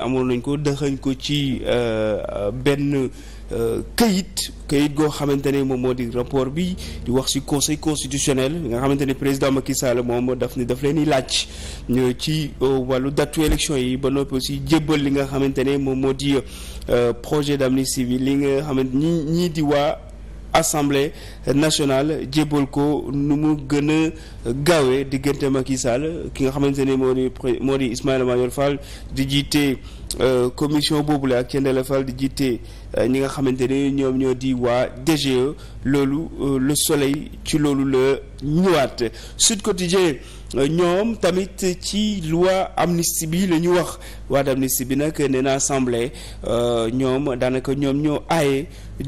amoon nañ ko dëxañ ko ci euh, benn euh, kayit kayit goo xamante ne moom moo di rapport bi di wax ci conseil constitutionnel nga xamante ne président Macky Sall moom daf ni daf leen di laaj ci euh, wàllu datu élection yi ba noppi si jébbal li nga xamante ne moom moo di projet d'amnistie bi li nga xamante ñii di waa assemblée nationale jébbal ko nu mu gën a gaawee diggante Macky Sall ki nga xamante ni moo di moo di Ismaïla Madior Fall di jiite euh, commission boobule ak Thiendella Fall di jiite euh, ñi nga xamante ni ñoom ñoo di waa DGE loolu euh, le soleil ci loolu la ñëwaat Sud Quotidien ñoom tamit ci loi amnistie bi la ñu wax waa d'amnistie bi nag nee na assemblée euh, ñoom daanaka ñoom ñoo aaye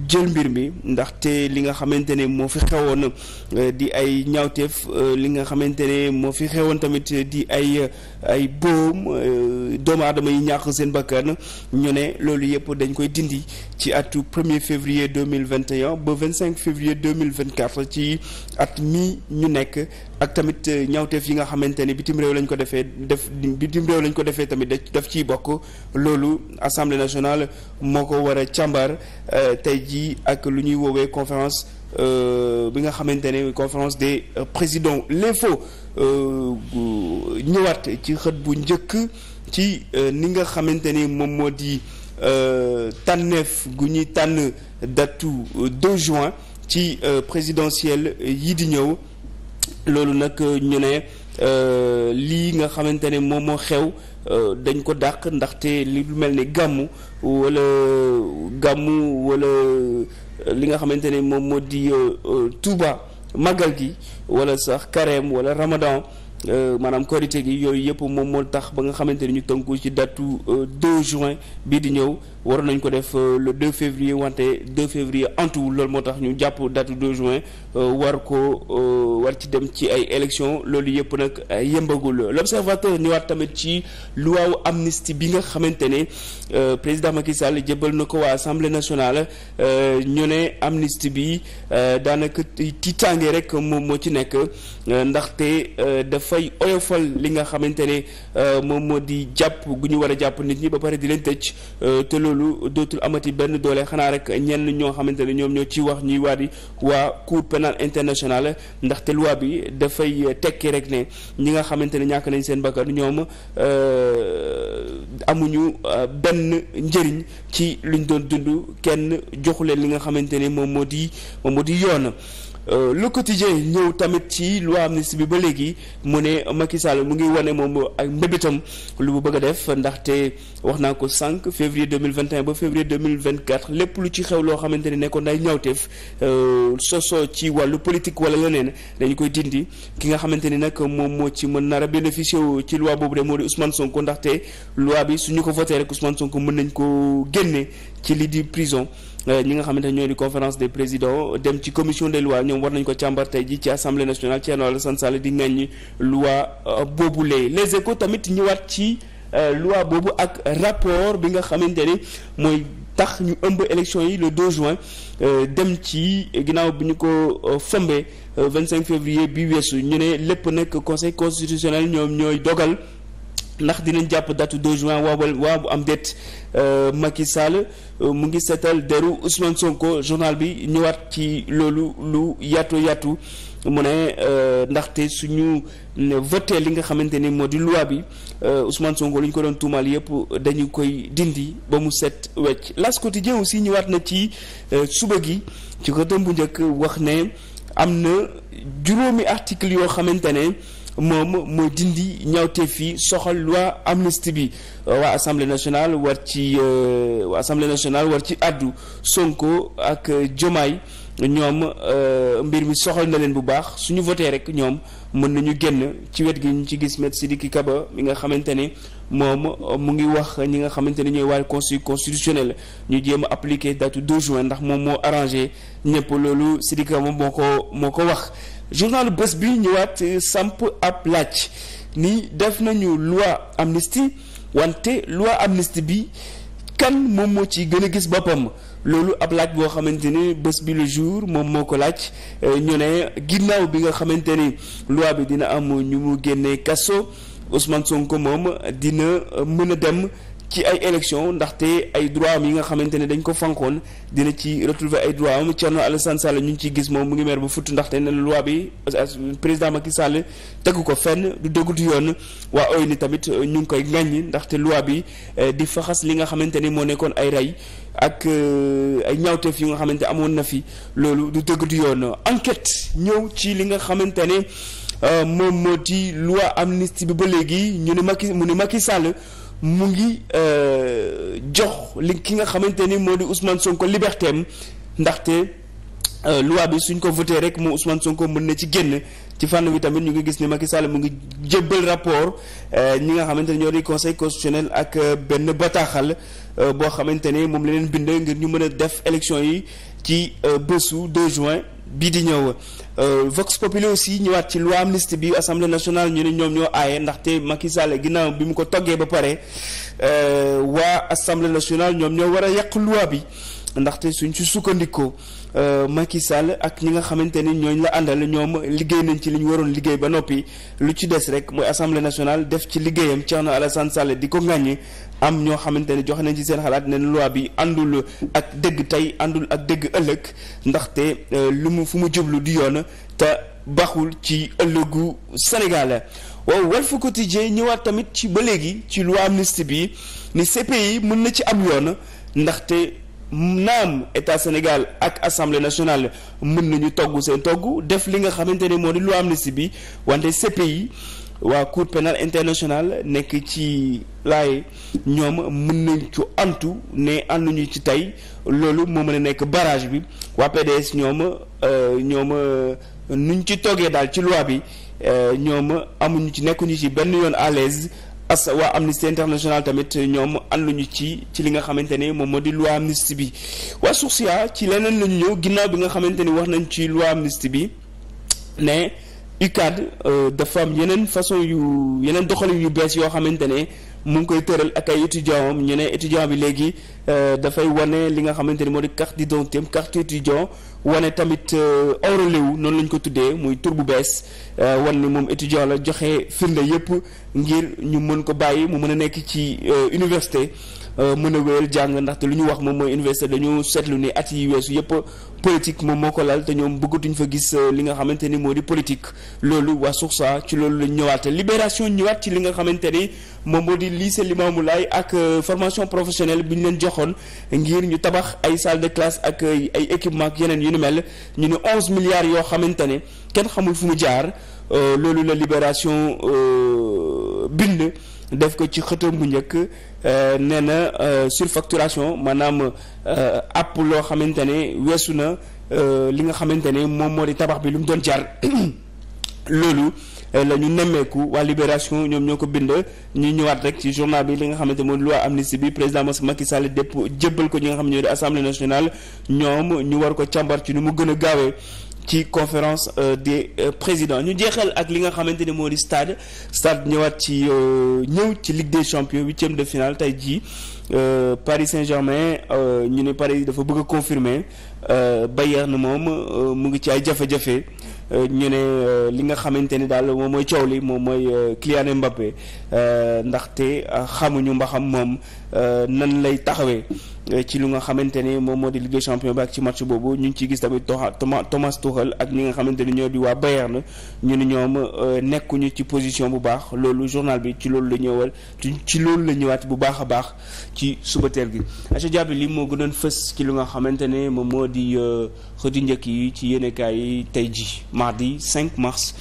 jël mbir mi ndaxte li nga xamante ne moo fi euh, di ay ñaawteef euh, li nga xamante ne moo fi xewoon tamit di ay ay boom doomu aadama yi ñàkk seen bakkan ñu ne loolu yëpp dañ koy dindi ci atu premier février deux mille vingt et ba vingt cinq février deux mille vingt quatre ci at mi ñu nekk ak tamit ñaawteef yi nga xamante ne bitim réew lañ ko defee def bitim réew lañ ko defee tamit daf ci bokk loolu assemblée nationale moo ko war a càmbar euh, tey jii ak lu ñuy woowee conférence euh, bi nga xamante ne conférence des euh, présidents l'info ñëwaat ci xët bu njëkk ci ni nga xamante ne moom moo di tànneef gu ñuy tànn datu 2 juin ci présidentielle yi di ñëw loolu nag ñu ne lii nga xamante ne moom moo xew Euh, dañ ko dàq ndaxte li lu mel ni gàmmu wala gàmmu wala euh, li nga xamante ne moom moo di euh, Touba magal gi wala sax Carême wala Ramadan maanaam korité gi yooyu yëpp moom moo tax ba nga xamante ne ñu tënku ci datu 2 juin bii di ñëw war nañ ko def euh, le 2 février wante 2 février antuwul loolu moo tax ñu jàpp date 2 juin euh, war ko euh, war ci dem ci ay élections loolu yëpp nag yëmbagul l'observateur waat tamit ci lu luwaawu amnistie bi nga xamante ne président ma Macky Sall jëbal na ko waa assemblée nationale ñu ne amnistie bi daanaka tiitaange rek moom moo ci nekk ndaxte dafay oyofal li nga xamante ne moom moo di jàpp gu ñu war jàpp nit ñi ba pare di leen tëj te lu dootul amati benn doole xanaa rek ñenn ñoo xamante ne ñoom ñoo ciy wax ñuy waa di waa cour pénal international ndaxte loi bi dafay tekkee rek ne ñi nga xamante ne ñàkk nañ seen bakkan ñoom euh, amuñu euh, benn njëriñ ci luñ doon dund kenn joxu leen li nga xamante ne moom moo di moom moo di yoon. Euh, le quotidien ñëw tamit ci loi amnistie bi ba léegi mu ne Macky Sall mu ngi wane moom ak mbébétam lu mu bëgg a def ndaxte wax naa ko 5 février 2021 ba février 2024 lépp lu ci xew loo xamante ni nekkoon ay ñawteef euh, soo ci wàllu politique wala leneen dañu koy dindi ki nga xamante ni nag moom moo ci mën nara a bénéficier ci loi boobu de moo di Ousmane Sonko ndaxte loi bi ñu ko voté rek Ousmane Sonko mën nañ ko génne ci li di prison euh, ñi nga xamante ne ñoo di conférence des présidents dem ci commission des lois ñoom war nañ ko càmbar tey ji ci assemblée nationale Thierno Alassane Sall di ŋaññi loi euh, boobulee les échos tamit ñëwaat ci euh, loi boobu ak rapport bi nga xamante ni mooy tax ñu ëmb élection yi le 2 juin dem ci ginnaaw bi ñu ko fombee 25 février bi weesu ñu ne lépp nag conseil constitutionnel ñoom ñooy dogal ndax dinañ jàpp datu 2 juin waawal waa bu am déet euh, Macky Sall euh, mu ngi seetal deru Ousmane Sonko journal bi ñëwaat ci loolu lu yaatu yaatu mu ne euh, ndaxte suñu voté li nga xamante ni moo di loi bi Ousmane Sonko li ñu ko doon tuumaal yëpp dañu koy dindi ba mu set wecc L'As Quotidien aussi ñëwaat na ci suba gi ci ko bu njëkk wax ne am na juróomi article yoo xamante ne moom mooy dindi ñawte fii soxal loi amnistie bi waa assemblée nationale war ci euh, waa assemblée nationale war ci àddu Sonko ak Diomaye ñoom euh, mbir mi soxal na leen bu baax suñu voté rek ñoom mën nañu génn ci wet gi ñu ci gis Maître Sidiki ba mi nga xamante ne moom mu ngi wax ñi nga xamante ne ñooy waa conseil constitutionnel ñu jéem a appliqué date du 2 juin ndax moom moo arrangé ñëpp loolu Sidiki Kaba moo ko moo ko wax journal bés bi ñëwaat eh, samp ab laaj ni def nañu loi amnistie wante loi amnistie bi kan moom moo ci gën a gis boppam loolu ab laaj boo xamante ne bés bi le moom moo ko laaj eh, ñu ne ginnaaw bi nga xamante ni loi bi dina am ñu mu génnee kaso Ousmane Sonko moom dina eh, mën a dem. ci ay élection ndaxte ay droit am yi nga xamante ne dañ ko fankoon dina ci retrouver ay droit am Thierno Alassane Sall ñu ngi ciy gis moom mu ngi meer ba futt ndaxte ne loi bi président Macky Sall tegu ko fenn du dëggu du yoon waa oy ni tamit ñu ngi koy ŋàññ ndaxte loi bi eh, di faxas li nga xamante ni moo nekkoon ay rey ak eh, ay ñaawteef yu nga xamante amoon na fi loolu du dëgg yoon enquête ñëw ci li nga xamante ne eh, moom moo di loi amnistie bi ba léegi ñu ne Macky mu ne Macky Sall mu ngi euh, jox li ki nga xamante ni moo di Ousmane Sonko liberté am ndaxte. Uh, suñ ko voté rek mu Ousmane Sonko mën na ci génn ci fànn wi tamit ñu ngi gis ni Macky Sall mu ngi jëbal rapport euh, ñi nga xamante ni ñoo di conseil constitutionnel ak euh, benn bataaxal boo xamante ne moom la leen bind ngir ñu mën a def élection yi ci bésu 2 juin. bii di ñëw euh, Vox Populi aussi ñëwaat ci loi amnistie bi assemblée nationale ñu ne ñoom ñoo aaye ndaxte Macky Sall ginnaaw bi mu ko toggee ba pare euh, waa assemblée nationale ñoom ñoo war a yàq loi bi. ndaxte suñ ci sukkandikoo euh, Macky Sall ak ñi nga xamante ni ñooñ la àndal ñoom liggéey nañ ci li ñu waroon liggéey ba noppi lu ci des rek mooy assemblée nationale def ci liggéeyam Thierno Alassane Sall di ko ŋàññi am ñoo xamante ni joxe nañ ci seen xalaat ne loi bi àndul ak dégg tey àndul ak dégg ëllëg ndaxte euh, lu mu fu mu jublu di yoon te baaxul ci ëllëgu Sénégal waaw Walf Quotidien ñëwaat tamit ci ba léegi ci loi amnistie bi ni yi mën na ci am yoon ndaxte. naam état Sénégal ak assemblée nationale mën nañu togg seen togg def li nga xamante ne moo di am na si bi wante CPI waa cour pénale internationale nekk ci laay ñoom mën nañ ci antu ne ànduñu ci tey loolu moo mën a nekk barage bi waa PDS ñoom euh, ñoom euh, nuñ ci toggee daal ci loi bi euh, ñoom amuñu ci nekkuñu ci benn yoon à as waa Amnesty International tamit ñoom ànduñu ci ci li nga xamante ne moom moo di loi amnistie bi waa Source A ci leneen lañu ñëw ginnaaw bi nga xamante ni wax nañu ci loi amnistie bi ne UCAD euh, dafa am yeneen façon yu yeneen doxalin yu bees yoo xamante ne mu ngi koy tëral ak ay étudiants am ñu ne étudiant bi léegi euh, dafay wane li nga xamante ni moo di carte d'identité am carte étudiant wane tamit euh, orale wu noonu la ko tuddee muy tur bu bees euh, wan ni moom étudiant la joxe firnde yëpp ngir ñu mën ko bàyyi mu mën a nekk ci université Euh, mën a wéyal jàng ndaxte lu ñu wax moom mooy université dañoo seetlu ni at yi weesu yëpp politique moom moo ko lal te ñoom bëggatuñ fa gis euh, li nga xamante ni moo di politique loolu waa suuf saa ci loolu lañ ñëwaat libération ñëwaat ci li nga xamante ni moom moo di lycée Limamou Laye ak euh, formation professionnelle bi ñu leen joxoon ngir ñu tabax ay salle de classe ak ay équipement ak yeneen yu ni mel ñu ne onze milliards yoo xamante ne kenn xamul fu mu jaar loolu la libération bind def ko ci xëtam bu njëkk euh, nee na euh, surfacturation maanaam euh, app loo xamante ne weesu na li nga xamante ne moom moo di tabax bi lu mu doon jar loolu la ñu nemmeeku waa Libération ñoom ñoo ko bind ñu ñëwaat rek ci journal bi li nga xamante moom loi amnistie bi président Macky Sall dépp jébbal ko ñi nga xam ne ñoo di assemblée nationale ñoom ñu war ko càmbar ci nu mu gën a gaawee. ci conférence euh, des euh, président ñu jeexal ak li nga xamante ni moo di stade stade ñëwaat ci euh, ñëw ci Ligue des champions huitième de final tey jii Paris Saint-Germain ñu ne Paris dafa bëgg a confirmer Bayern moom mu ngi ci ay jafe-jafe ñu ne li nga xamante ni daal moom mooy coow li moom mooy Kylian Mbappé ndaxte xamuñu mbaxam moom nan lay taxawee. ci lu nga xamante ne moom moo di ligue champion bi ak ci match boobu ñu ngi ciy gis tamit Thomas Tuchel ak ñi nga xamante ne ñoo di waa na ñu ni ñoom euh, nekkuñu ci position bu baax loolu journal bi ci loolu la ñëwal ci loolu la ñëwaat bu baax a baax ci suba teel gi. Acha Diaby li moo gënoon fës ci li nga xamante ne moom moo di euh, xëtu njëkk yi ci yéenekaay yi tey ji mardi 5 mars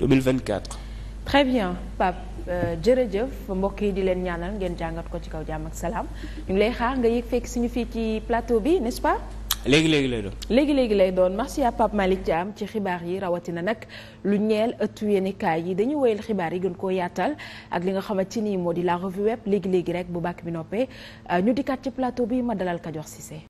2024. Très bien Pape. Euh, jërëjëf mbokk yi di leen ñaanal ngeen jàngat ko ci kaw jàmm ak salaam ñu ngi lay xaar nga yëg fekk suñu fii ci plateau bi n'est-ce léegi léegi lay doon. léegi léegi lay doon merci à Pape Malick Thiam ci xibaar yi rawatina nag lu ñeel ëttu yéenekaay yi dañuy woyal xibaar yi gën koo yaatal ak li nga xamante nii moo di la revue web léegi léegi rek bu bàkk bi noppee euh, ñu dikkaat ci plateau bi ma dalal Kajoor see